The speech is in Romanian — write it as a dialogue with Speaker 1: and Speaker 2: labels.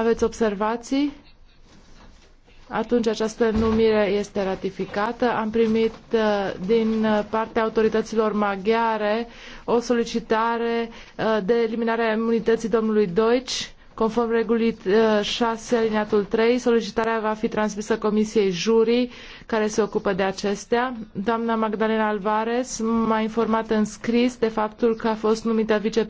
Speaker 1: Aveți observații? Atunci această numire este ratificată. Am primit uh, din uh, partea autorităților maghiare o solicitare uh, de eliminare a imunității domnului Deutsch. Conform regulii 6 alineatul 3, solicitarea va fi transmisă Comisiei Juri, care se ocupă de acestea. Doamna Magdalena Alvarez m-a informat în
Speaker 2: scris de faptul că a fost numită vicepreședinte